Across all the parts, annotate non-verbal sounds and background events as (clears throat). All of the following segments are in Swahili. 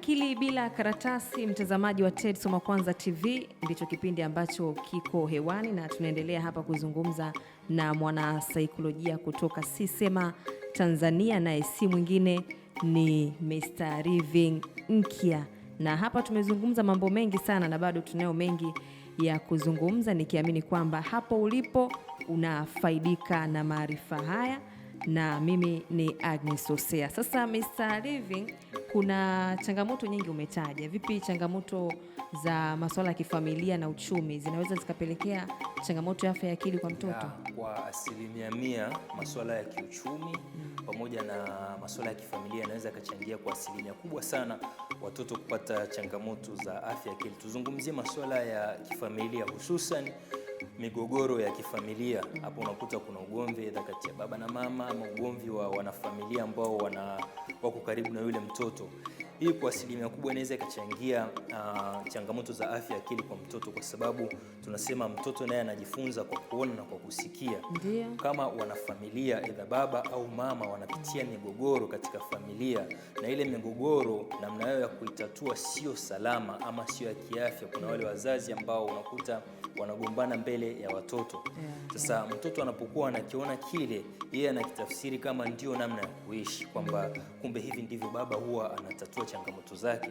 Akili bila karatasi, mtazamaji wa ted Soma Kwanza TV, ndicho kipindi ambacho kiko hewani na tunaendelea hapa kuzungumza na mwanasaikolojia kutoka Sisema Tanzania, naye si mwingine ni Mr. Riving Nkya, na hapa tumezungumza mambo mengi sana na bado tunayo mengi ya kuzungumza, nikiamini kwamba hapo ulipo unafaidika na maarifa haya na mimi ni Agnes osea Sasa Mr. Living, kuna changamoto nyingi umetaja. Vipi changamoto za masuala ya kifamilia na uchumi zinaweza zikapelekea changamoto ya afya ya akili kwa mtoto? kwa asilimia mia masuala ya kiuchumi mm, pamoja na masuala ya kifamilia yanaweza yakachangia kwa asilimia kubwa sana watoto kupata changamoto za afya ya akili. Tuzungumzie masuala ya kifamilia hususan migogoro ya kifamilia. Hapo unakuta kuna ugomvi aidha kati ya baba na mama, ama ugomvi wa wanafamilia ambao wana wako karibu na yule mtoto. Hii kwa asilimia kubwa inaweza ikachangia uh, changamoto za afya akili kwa mtoto, kwa sababu tunasema mtoto naye anajifunza kwa kuona na kwa kusikia. Ndiyo. Kama wanafamilia edha baba au mama wanapitia migogoro katika familia, na ile migogoro namna yao ya kuitatua sio salama ama sio ya kiafya. Kuna wale wazazi ambao unakuta wanagombana mbele ya watoto. Sasa Mtoto anapokuwa anakiona kile, yeye anakitafsiri kama ndio namna ya kuishi, kwamba kumbe hivi ndivyo baba huwa anatatua changamoto zake.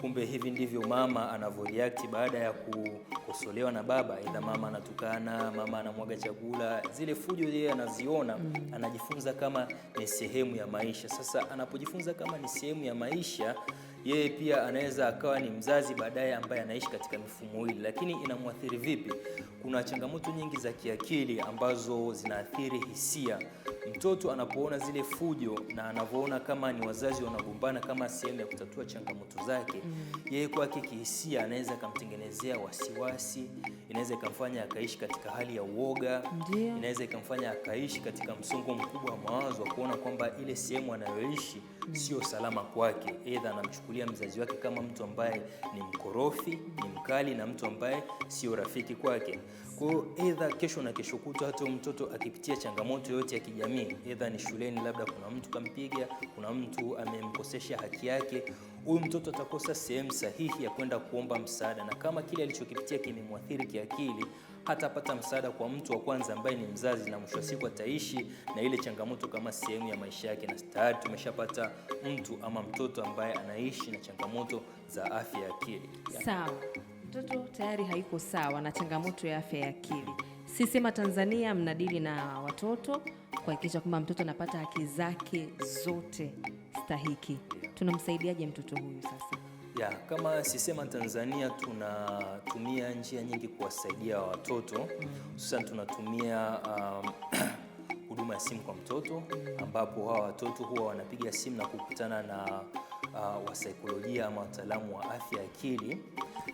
Kumbe hivi ndivyo mama anavyoreact baada ya kukosolewa na baba, ila mama anatukana, mama anamwaga chakula, zile fujo yeye anaziona, mm. anajifunza kama ni sehemu ya maisha. Sasa anapojifunza kama ni sehemu ya maisha yeye pia anaweza akawa ni mzazi baadaye ambaye anaishi katika mifumo hii, lakini inamwathiri vipi? kuna changamoto nyingi za kiakili ambazo zinaathiri hisia. Mtoto anapoona zile fujo na anavyoona kama ni wazazi wanagombana kama sehemu ya kutatua changamoto zake, mm. yeye kwake kihisia anaweza akamtengenezea wasiwasi, inaweza ikamfanya akaishi katika hali ya uoga, inaweza ikamfanya akaishi katika msongo mkubwa wa mawazo wa kuona kwamba ile sehemu anayoishi mm. sio salama kwake. Aidha, anamchukulia mzazi wake kama mtu ambaye ni mkorofi, ni mkali na mtu ambaye sio rafiki kwake. Kwa hiyo kesho na kesho kutwa, hata mtoto akipitia changamoto yoyote ya kijamii, edha ni shuleni, labda kuna mtu kampiga, kuna mtu amemkosesha haki yake, huyu mtoto atakosa sehemu sahihi ya kwenda kuomba msaada, na kama kile alichokipitia kimemwathiri kiakili, hatapata msaada kwa mtu wa kwanza ambaye ni mzazi, na mwisho wa siku ataishi na ile changamoto kama sehemu ya maisha yake, na tayari tumeshapata mtu ama mtoto ambaye anaishi na changamoto za afya ya akili. Sawa mtoto tayari haiko sawa na changamoto ya afya ya akili. Sisi Tanzania mnadili na watoto kuhakikisha kwamba mtoto anapata haki zake zote stahiki. Tunamsaidiaje mtoto huyu sasa? Ya, kama sisema Tanzania tunatumia njia nyingi kuwasaidia watoto hususan mm. tunatumia um, (clears throat) huduma ya simu kwa mtoto ambapo hawa watoto huwa wanapiga simu na kukutana na uh, wasaikolojia ama wataalamu wa afya akili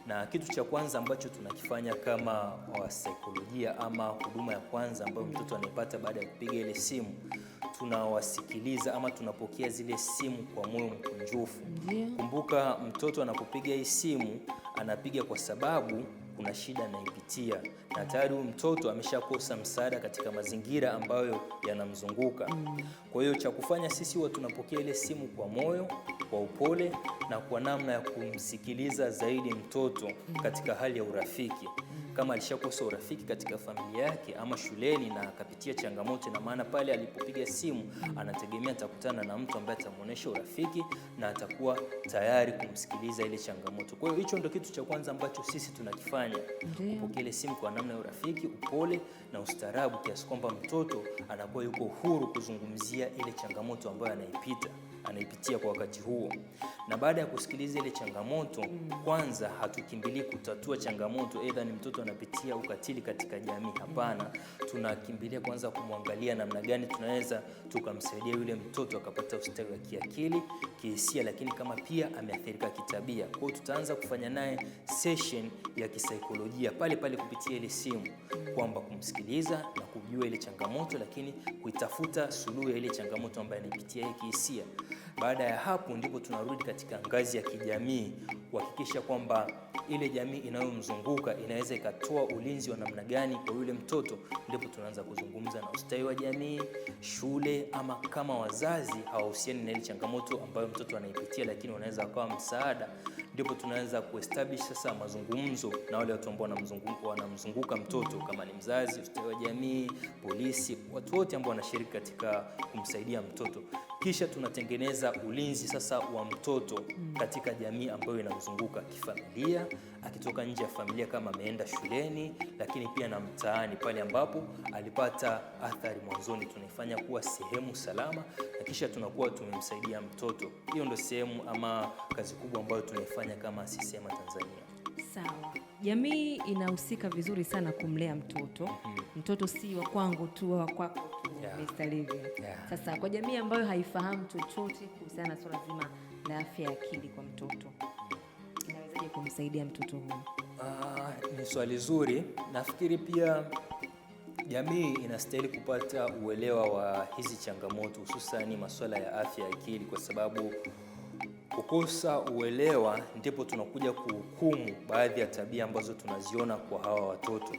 na kitu cha kwanza ambacho tunakifanya kama wasaikolojia ama huduma ya kwanza ambayo mtoto anaipata baada ya kupiga ile simu, tunawasikiliza ama tunapokea zile simu kwa moyo mkunjufu. Kumbuka, mtoto anapopiga hii simu anapiga kwa sababu kuna shida anaipitia na tayari huyu mtoto ameshakosa msaada katika mazingira ambayo yanamzunguka. Mm. Kwa hiyo cha kufanya sisi huwa tunapokea ile simu kwa moyo, kwa upole na kwa namna ya kumsikiliza zaidi mtoto katika hali ya urafiki. Kama alishakosa urafiki katika familia yake ama shuleni na akapitia changamoto, na maana pale alipopiga simu anategemea atakutana na mtu ambaye atamuonesha urafiki na atakuwa tayari kumsikiliza ile changamoto. Kwa hiyo hicho ndio kitu cha kwanza ambacho sisi tunakifanya, kupokea ile simu kwa namna ya urafiki, upole na ustaarabu, kiasi kwamba mtoto anakuwa yuko huru kuzungumzia ile changamoto ambayo anaipita anaipitia kwa wakati huo. Na baada ya kusikiliza ile changamoto mm. Kwanza hatukimbilii kutatua changamoto, aidha ni mtoto anapitia ukatili katika jamii, hapana. Tunakimbilia kwanza kumwangalia namna gani tunaweza tukamsaidia yule mtoto akapata ustawi wa kiakili, kihisia, lakini kama pia ameathirika kitabia. Kwa hiyo tutaanza kufanya naye session ya kisaikolojia pale pale kupitia ile simu, kwamba kumsikiliza na kujua ile changamoto, lakini kuitafuta suluhu ya ile changamoto ambayo anaipitia yeye kihisia. Baada ya hapo, ndipo tunarudi katika ngazi ya kijamii kuhakikisha kwamba ile jamii inayomzunguka inaweza ikatoa ulinzi wa namna gani kwa yule mtoto. Ndipo tunaanza kuzungumza na ustawi wa jamii, shule, ama kama wazazi hawahusiani na ile changamoto ambayo mtoto anaipitia, lakini wanaweza wakawa msaada ndipo tunaanza kuestablish sasa mazungumzo na wale watu ambao wanamzunguka mtoto, kama ni mzazi, ustawi wa jamii, polisi, watu wote ambao wanashiriki katika kumsaidia mtoto kisha tunatengeneza ulinzi sasa wa mtoto katika jamii ambayo inamzunguka kifamilia, akitoka nje ya familia kama ameenda shuleni, lakini pia na mtaani pale ambapo alipata athari mwanzoni, tunaifanya kuwa sehemu salama na kisha tunakuwa tumemsaidia mtoto. Hiyo ndio sehemu ama kazi kubwa ambayo tunaifanya kama sisema Tanzania. Sawa. Jamii inahusika vizuri sana kumlea mtoto. Mm -hmm. Mtoto si wa kwangu tu, wa kwako yeah. Mr. Lilian yeah. Sasa kwa jamii ambayo haifahamu chochote kuhusiana na swala zima la afya ya akili kwa mtoto, inawezaje kumsaidia mtoto huyu? Uh, ni swali zuri. Nafikiri pia jamii inastahili kupata uelewa wa hizi changamoto, hususani masuala ya afya ya akili, kwa sababu kukosa uelewa ndipo tunakuja kuhukumu baadhi ya tabia ambazo tunaziona kwa hawa watoto.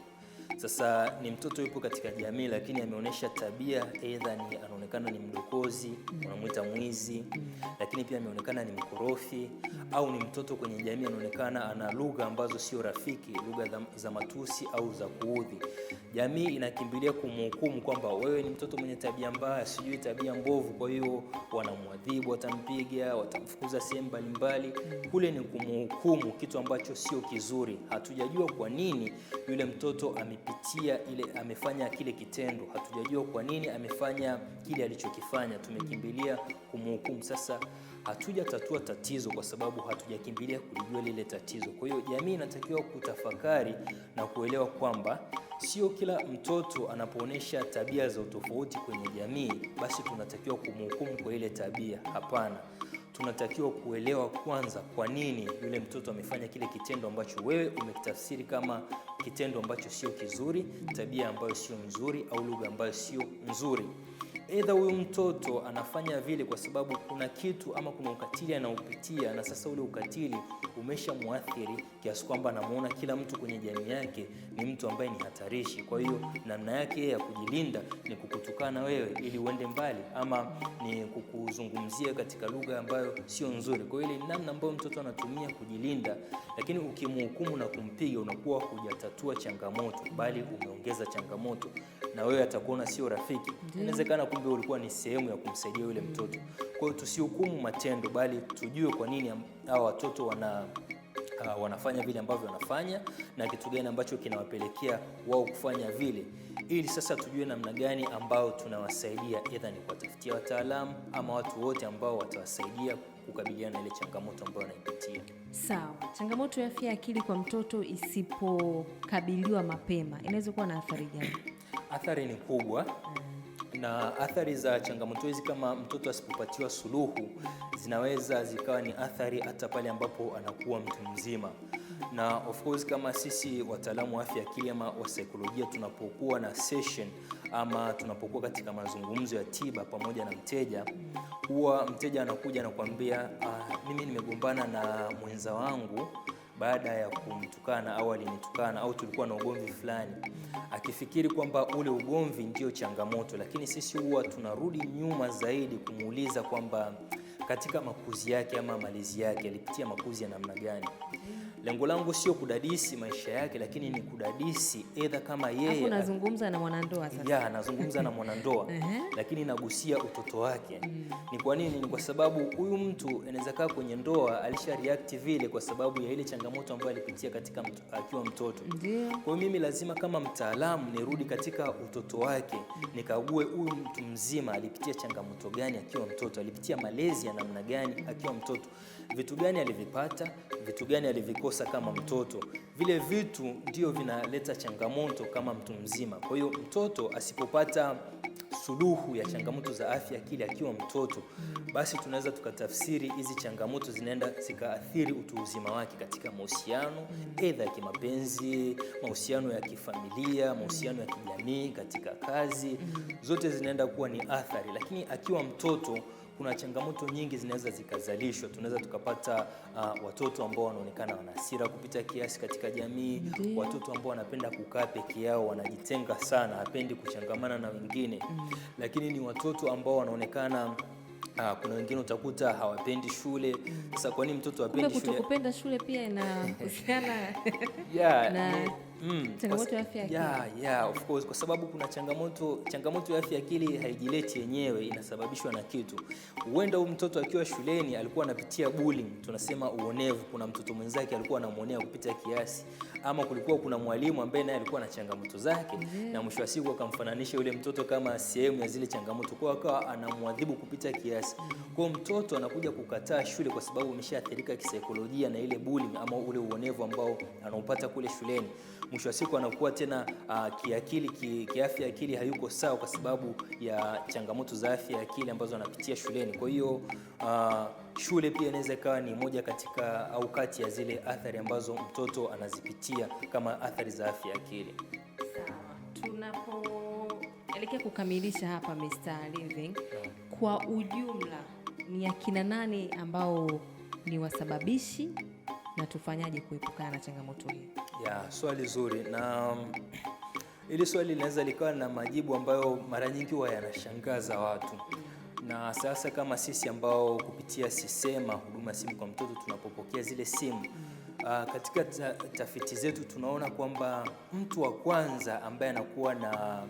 Sasa ni mtoto yupo katika jamii, lakini ameonyesha tabia aidha ni ameonekana ni mdokozi, unamwita mwizi, lakini pia ameonekana ni mkorofi au ni mtoto kwenye jamii, anaonekana ana lugha ambazo sio rafiki, lugha za matusi au za kuudhi. Jamii inakimbilia kumhukumu kwamba wewe ni mtoto mwenye tabia mbaya, sijui tabia mbovu, kwa hiyo wanamwadhibu, watampiga, watamfukuza sehemu mbalimbali. Kule ni kumhukumu, kitu ambacho sio kizuri. Hatujajua kwa nini yule mtoto amepitia ile, amefanya kile kitendo, hatujajua kwa nini amefanya kile kile alichokifanya, tumekimbilia kumhukumu. Sasa hatujatatua tatizo kwa sababu hatujakimbilia kulijua lile tatizo. Kwa hiyo jamii inatakiwa kutafakari na kuelewa kwamba sio kila mtoto anapoonyesha tabia za utofauti kwenye jamii basi tunatakiwa kumhukumu kwa ile tabia. Hapana, tunatakiwa kuelewa kwanza, kwa nini yule mtoto amefanya kile kitendo ambacho wewe umekitafsiri kama kitendo ambacho sio kizuri, tabia ambayo sio nzuri, au lugha ambayo sio nzuri. Aidha huyu mtoto anafanya vile kwa sababu kuna kitu ama kuna ukatili anaopitia na sasa ule ukatili umeshamwathiri kiasi kwamba anamuona kila mtu kwenye jamii yake ni mtu ambaye ni hatarishi. Kwa hiyo namna yake ya kujilinda ni kukutukana wewe ili uende mbali, ama ni kukuzungumzia katika lugha ambayo sio nzuri. Kwa hiyo ile namna ambayo mtoto anatumia kujilinda, lakini ukimhukumu na kumpiga unakuwa hujatatua changamoto, bali umeongeza changamoto na wewe atakuona sio rafiki. Inawezekana kumbe ulikuwa ni sehemu ya kumsaidia yule mtoto. Kwa hiyo tusihukumu matendo, bali tujue kwa nini hawa watoto wana Uh, wanafanya vile ambavyo wanafanya na kitu gani ambacho kinawapelekea wao kufanya vile, ili sasa tujue namna gani ambao tunawasaidia, aidha ni kuwatafutia wataalamu ama watu wote ambao watawasaidia kukabiliana na ile changamoto ambayo wanaipitia. Sawa, changamoto ya afya ya akili kwa mtoto isipokabiliwa mapema inaweza kuwa na athari gani? athari ni kubwa na athari za changamoto hizi kama mtoto asipopatiwa suluhu zinaweza zikawa ni athari hata pale ambapo anakuwa mtu mzima. Na of course kama sisi wataalamu wa afya akili ama wa saikolojia tunapokuwa na session ama tunapokuwa katika mazungumzo ya tiba pamoja na mteja, huwa mteja anakuja anakuambia, ah, mimi nimegombana na mwenza wangu baada ya kumtukana au alinitukana au tulikuwa na ugomvi fulani, akifikiri kwamba ule ugomvi ndio changamoto, lakini sisi huwa tunarudi nyuma zaidi kumuuliza kwamba katika makuzi yake ama malezi yake alipitia makuzi ya namna gani lengo langu sio kudadisi maisha yake, lakini ni kudadisi edha kama yeye anazungumza na mwanandoa sasa. Ya, anazungumza na mwanandoa (laughs) lakini nagusia utoto wake mm. Ni kwa nini? Ni kwa sababu huyu mtu anaweza kaa kwenye ndoa alisha react vile kwa sababu ya ile changamoto ambayo alipitia katika mtu, akiwa mtoto. Kwa hiyo mimi lazima kama mtaalamu nirudi katika utoto wake mm. Nikague huyu mtu mzima alipitia changamoto gani akiwa mtoto, alipitia malezi ya namna gani mm. akiwa mtoto, vitu gani alivipata, vitu gani alivikosa kukosa kama mtoto. Vile vitu ndio vinaleta changamoto kama mtu mzima. Kwa hiyo mtoto asipopata suluhu ya changamoto za afya akili akiwa mtoto, basi tunaweza tukatafsiri hizi changamoto zinaenda zikaathiri utu uzima wake katika mahusiano, aidha ya kimapenzi, mahusiano ya kifamilia, mahusiano ya kijamii, katika kazi, zote zinaenda kuwa ni athari, lakini akiwa mtoto kuna changamoto nyingi zinaweza zikazalishwa. Tunaweza tukapata uh, watoto ambao wanaonekana wana hasira kupita kiasi katika jamii Ndiyo. Watoto ambao wanapenda kukaa peke yao, wanajitenga sana, hapendi kuchangamana na wengine mm. Lakini ni watoto ambao wanaonekana Ha, uh, kuna wengine utakuta hawapendi shule. Mm. Sasa kwa nini mtoto apendi shule? Kutokupenda shule pia inahusiana (laughs) yeah, na Mm. Changamoto ya afya ya akili. Yeah, yeah, of course kwa sababu kuna changamoto changamoto ya afya ya akili haijileti yenyewe, inasababishwa na kitu. Huenda huyu mtoto akiwa shuleni alikuwa anapitia bullying, tunasema uonevu. Kuna mtoto mwenzake alikuwa anamwonea kupita kiasi, ama kulikuwa kuna mwalimu ambaye naye alikuwa na changamoto zake -hmm. Na mwisho wa siku akamfananisha yule mtoto kama sehemu ya zile changamoto, kwa akawa anamwadhibu kupita kiasi. Kwa mtoto anakuja kukataa shule kwa sababu ameshaathirika kisaikolojia na ile bullying ama ule uonevu ambao anaupata kule shuleni. Mwisho wa siku anakuwa tena uh, kiakili ki, kiafya akili hayuko sawa kwa sababu ya changamoto za afya ya akili ambazo anapitia shuleni. Kwa hiyo uh, Shule pia inaweza ikawa ni moja katika au kati ya zile athari ambazo mtoto anazipitia kama athari za afya ya akili. Tunapoelekea kukamilisha hapa Mr. Living, kwa ujumla ni akina nani ambao ni wasababishi na tufanyaje kuepukana na changamoto hii? Ya, swali zuri na mm, ili swali linaweza likawa na majibu ambayo mara nyingi huwa yanashangaza watu. Mm na sasa kama sisi ambao kupitia Sisema huduma simu kwa mtoto tunapopokea zile simu Uh, katika ta tafiti zetu tunaona kwamba mtu wa kwanza ambaye anakuwa na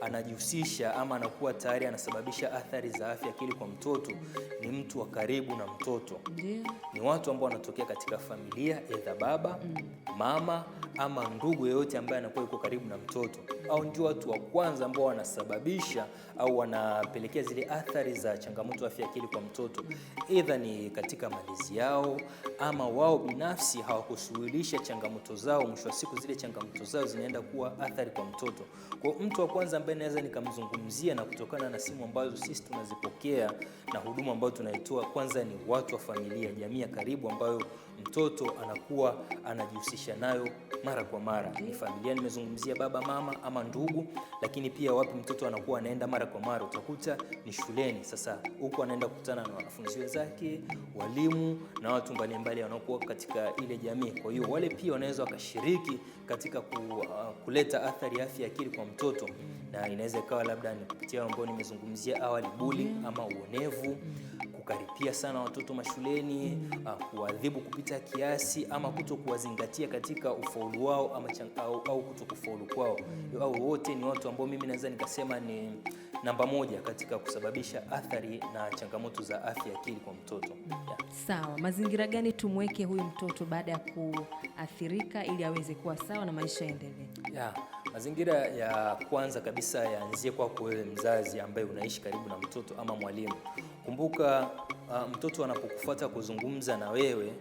anajihusisha ama anakuwa tayari anasababisha athari za afya akili kwa mtoto ni mtu wa karibu na mtoto. Ndiyo. Ni watu ambao wanatokea katika familia, edha baba mm. mama ama ndugu yeyote ambaye anakuwa yuko karibu na mtoto, au ndio watu wa kwanza ambao wanasababisha au wanapelekea zile athari za changamoto afya akili kwa mtoto, edha ni katika malezi yao ama wao binafsi hawakushughulisha changamoto zao, mwisho wa siku zile changamoto zao zinaenda kuwa athari kwa mtoto. Kwa mtu wa kwanza ambaye naweza nikamzungumzia na kutokana na simu ambazo sisi tunazipokea na huduma ambayo tunaitoa, kwanza ni watu wa familia, jamii ya karibu ambayo mtoto anakuwa anajihusisha nayo mara kwa mara. Ni familia, nimezungumzia baba, mama ama ndugu, lakini pia wapi mtoto anakuwa anaenda mara kwa mara, utakuta ni shuleni. Sasa huko anaenda kukutana na wanafunzi wenzake, walimu na watu mbalimbali wanaokuwa katika ile jamii. Kwa hiyo wale pia wanaweza wakashiriki katika ku, uh, kuleta athari ya afya akili kwa mtoto na inaweza ikawa labda ni kupitia ambao nimezungumzia awali, buli ama uonevu, kukaripia sana watoto mashuleni, ah, kuadhibu kupita kiasi ama kuto kuwazingatia katika ufaulu wao ama au, au kuto kufaulu kwao, au wote ni watu ambao mimi naweza nikasema ni namba moja katika kusababisha athari na changamoto za afya akili kwa mtoto yeah. Sawa, mazingira gani tumweke huyu mtoto baada ya kuathirika ili aweze kuwa sawa na maisha yaendelee? yeah. Mazingira ya kwanza kabisa yaanzie kwako wewe mzazi ambaye unaishi karibu na mtoto ama mwalimu. Kumbuka uh, mtoto anapokufuata kuzungumza na wewe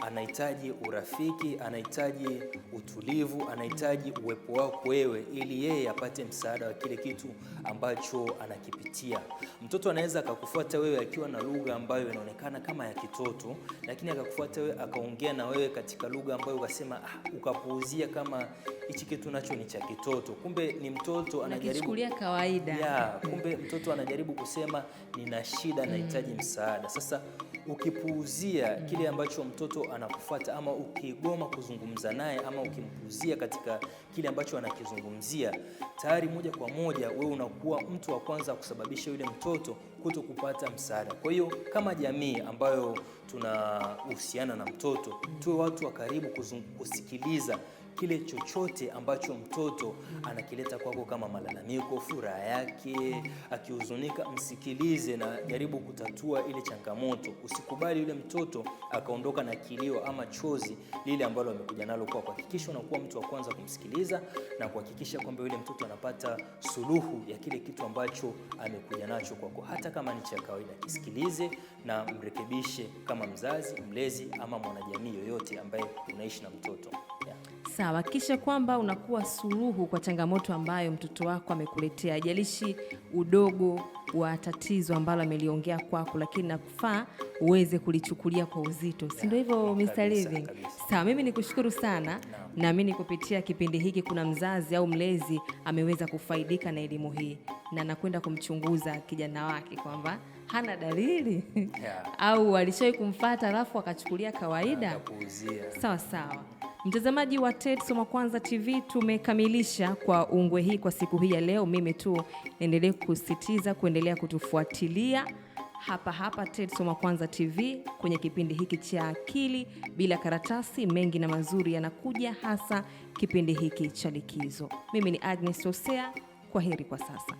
anahitaji urafiki, anahitaji utulivu, anahitaji uwepo wako wewe, ili yeye apate msaada wa kile kitu ambacho anakipitia. Mtoto anaweza akakufuata wewe akiwa na lugha ambayo inaonekana kama ya kitoto, lakini akakufuata wewe akaongea na wewe katika lugha ambayo ukasema ah, ukapuuzia kama hichi kitu nacho ni cha kitoto, kumbe ni mtoto anajaribu kawaida ya, kumbe mtoto anajaribu kusema nina shida, nahitaji mm. msaada. Sasa ukipuuzia kile ambacho mtoto anakufuata ama ukigoma kuzungumza naye ama ukimpuuzia katika kile ambacho anakizungumzia, tayari moja kwa moja wewe unakuwa mtu wa kwanza kusababisha yule mtoto kuto kupata msaada. Kwa hiyo kama jamii ambayo tunahusiana na mtoto, tuwe watu wa karibu kusikiliza kile chochote ambacho mtoto anakileta kwako kama malalamiko, furaha yake, akihuzunika, msikilize na jaribu kutatua ile changamoto. Usikubali yule mtoto akaondoka na kilio ama chozi lile ambalo amekuja nalo kwako. Hakikisha unakuwa mtu wa kwanza kumsikiliza na kuhakikisha kwamba yule mtoto anapata suluhu ya kile kitu ambacho amekuja nacho kwako, hata kama ni cha kawaida. Kisikilize na mrekebishe kama mzazi, mlezi ama mwanajamii yoyote ambaye unaishi na mtoto sawa. kisha kwamba unakuwa suluhu kwa changamoto ambayo mtoto wako amekuletea, jalishi udogo wa tatizo ambalo ameliongea kwako, lakini nakufaa uweze kulichukulia kwa uzito, si ndio? Hivyo Mr. Living. Sawa, mimi nikushukuru sana, naamini kupitia kipindi hiki kuna mzazi au mlezi ameweza kufaidika na elimu hii, na nakwenda kumchunguza kijana wake kwamba hana dalili yeah. au alishawahi kumfata alafu akachukulia kawaida. Sawa sawa. Mtazamaji wa TET Soma Kwanza TV, tumekamilisha kwa ungwe hii kwa siku hii ya leo. Mimi tu niendelee kusisitiza kuendelea kutufuatilia hapa hapa TET Soma Kwanza TV kwenye kipindi hiki cha Akili Bila Karatasi. Mengi na mazuri yanakuja, hasa kipindi hiki cha likizo. Mimi ni Agnes osea kwa heri kwa sasa.